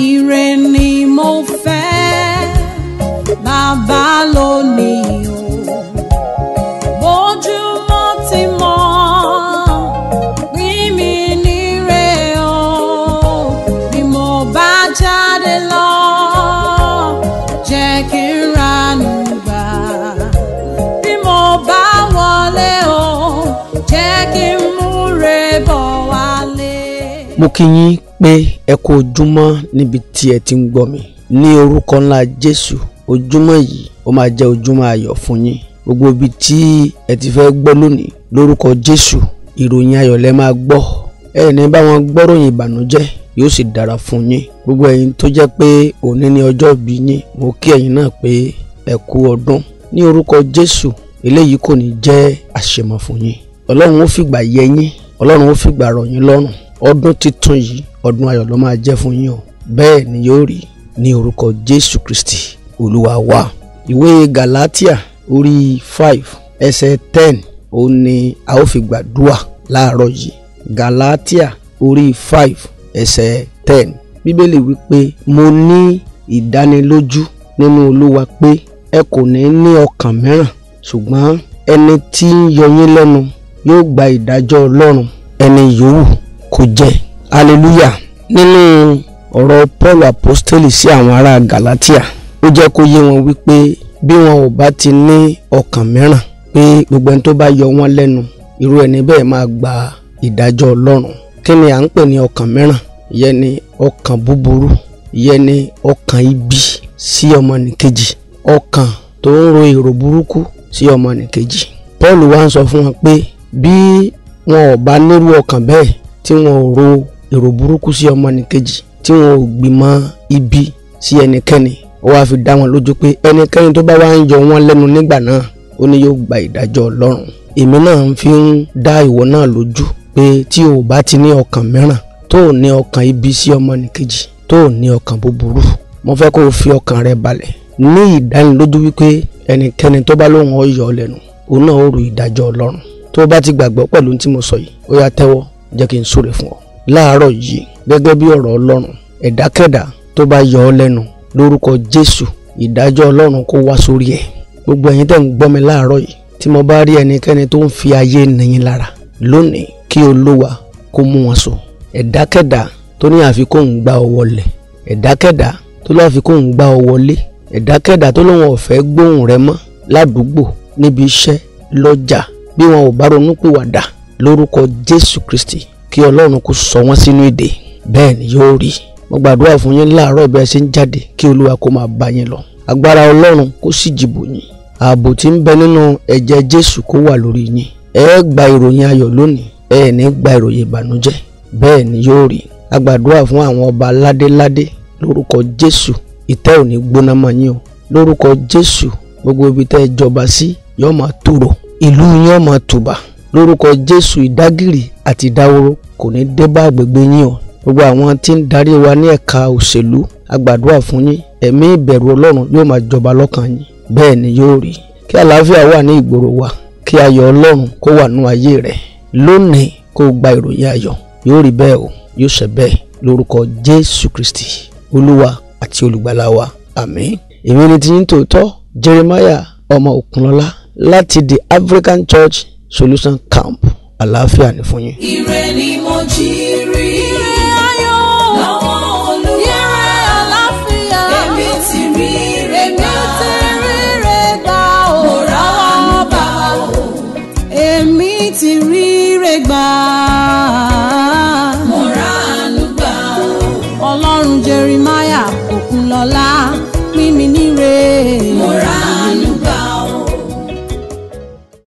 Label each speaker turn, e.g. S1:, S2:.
S1: Ire ni mo fẹ́ bàbá lónìí o. Bójúmọ́ ti mọ́ pín mi níre o. Bí mo bá jáde lọ.
S2: mo kí yín pé ẹ kú ojúmọ́ níbi tí ẹ ti ń gbọ́ mi ní orúkọ ńlá jésù ojúmọ́ yìí ó máa jẹ́ ojúmọ́ ayọ̀ fún yín gbogbo ibi tí ẹ ti fẹ́ gbọ́ lónìí lórúkọ jésù ìròyìn ayọ̀ lẹ máa gbọ́ ẹ ní bá wọn gbọ́ròyìn ìbànújẹ́ yóò sì dára fún yín gbogbo ẹ̀yin tó jẹ́ pé òní ni ọjọ́ ìbí yín mo kí ẹ̀yin náà pé ẹ kú ọdún ní orúkọ jésù eléyìí kò ní jẹ́ àṣemọ̀ fún yín ọlọ́run ó fìgbà yẹ yín ọlọ́run ó fìgbà rọ̀ yín lọ́rùn ọdún titun yìí ọdún ayọ̀ ló máa jẹ́ fún yín o bẹ́ẹ̀ ni yóò rí ní orúkọ jésù kristi olúwa wa ìwé galatia orí five ẹsẹ̀ ten òun ni a ó fi gbàdúà láàárọ̀ yìí galatia orí five ẹsẹ̀ ten bíbélì wípé mo ní ìdánilójú nínú olúwa pé ẹ kò ní ní ọkàn mìíràn ṣùgbọ́n ẹni tí ń yọ yín lẹ́nu yóò gba ìdájọ́ ọlọ́run ẹni yòówù kò jẹ hallelujah nínú ọ̀rọ̀ paul apostoli sí àwọn ará galatia ó jẹ́ kó yé wọn wípé bí wọn ò bá ti ní ọkàn mìíràn pé gbogbo ẹni tó bá yọ wọn lẹ́nu irú ẹni bẹ́ẹ̀ máa gba ìdájọ́ ọlọ́run kí ni à ń pè ní ọkàn mìíràn ìyẹn ni ọkàn búburú ìyẹn ni ọkàn ibi sí ọmọnìkejì ọkàn tó ń ro èrò burúkú sí ọmọnìkejì paul wá ń sọ fún wọn pé bí wọn ò bá nírú ọkàn bẹ́ẹ̀ tí wọn ò ro èrò burúkú sí ọmọnìkejì tí wọn ò gbìmọ̀ ibi sí ẹnikẹ́ni ó wáá fi dá wọn lójú pé ẹnikẹ́ni tó bá wá ń yọ wọn lẹ́nu nígbà náà ó ní yóò gba ìdájọ́ ọlọ́run èmi náà fi ń dá ìwọ náà lójú pé tí o bá ti ní ọkàn mìíràn tó o ní ọkàn ibi sí ọmọnìkejì tó o ní ọkàn búburú mo fẹ́ kó o fi ọkàn rẹ balẹ̀ ní ìdánilójú wípé ẹnikẹ́ni tó bá lóun ọ̀yọ́ lẹ́nu òun náà ó ru ìdájọ́ ọlọ́run tó o bá ti gbàgbọ́ pẹ̀lú tí mo sọ yìí ó yá tẹ́wọ́ jẹ́ kí n súre fún ọ. láàárọ̀ yìí gẹ́gẹ́ bí ọ̀rọ̀ ọlọ́run ẹ̀dákẹ́dà tó bá yọ ọ́ lẹ́nu lórúkọ jésù ìdájọ́ ọlọ́run kó wá sórí ẹ̀ gbogbo ẹ̀yin tẹ̀ ń gbọ́ mi láàárọ̀ yìí tí mo bá rí ẹnikẹ́ni tó ń fi ayé nìyín lára lónìí kí olúwa kó mú wọn so ẹ̀dákẹ́dà tó ní àfikún ń gbá ọ wọlé ẹ̀dákẹ́dà tó ní àfikún ń gbá ọ wọlé ẹ̀dákẹ́dà tó lóun ọ̀fẹ́ gbóhùn rẹ mọ́ ládùúgbò níbi iṣẹ́ lọ́jà bí wọn ò bá ronú lórúkọ Jésù Kristi kí Ọlọ́run kò sọ wọ́n sínú ìdè bẹ́ẹ̀ ni yóò rí mo gbàdúrà fún yín láàárọ̀ bí a ṣe ń jáde kí Olúwa kó máa bá yín lọ agbára Ọlọ́run kó sì jìbò yín ààbò tí ń bẹ nínú ẹ̀jẹ̀ Jésù kó wà lórí yín ẹ gba ìròyìn ayọ̀ lónìí ẹ ní gba ìròyìn ìbànújẹ́ bẹ́ẹ̀ ni yóò rí a gbàdúrà fún àwọn ọba ládéládé lórúkọ Jésù ìtẹ́ ò ní gbóná mọ́ yín o lórúkọ Jésù gbogbo ibi tẹ́ ẹ jọba sí yóò máa tòrò ìlú yín yóò máa tùbà lórúkọ jésù ìdágìrì àti ìdáwóró kò ní dé bá agbègbè yín o gbogbo àwọn tí ń darí wa ní ẹ̀ka òṣèlú agbàdúrà fún yín ẹ̀mí ìbẹ̀rù ọlọ́run yóò máa jọba lọ́kàn yín bẹ́ẹ̀ ni yóò rí kí àlàáfíà wà ní ìgboro wa kí ayọ̀ ọlọ́run kó wà nú ayé rẹ̀ lónìí kó gba ìròyìn ayọ̀ yóò rí bẹ́ẹ̀ o yóò ṣe bẹ́ẹ̀ lórúkọ jésù kristi olúwa àti olùgbàlà wa àmín èmi ni tòótọ́ jeremiah ọmọ òkunlọ́lá láti the african church solution camp àlàáfíà ni fún yín.
S1: ire ni mo jí rí ire ayọ̀ lọ́wọ́ olúwa ire àlàáfíà èmi ti rí rẹ̀ gbà èmi ti rí rẹ̀ gbà ó mo rà wá bá ó èmi ti rí rẹ̀ gbà mo rà á nù gbà ó ọlọ́run Jeremiah Òkunlọ́lá.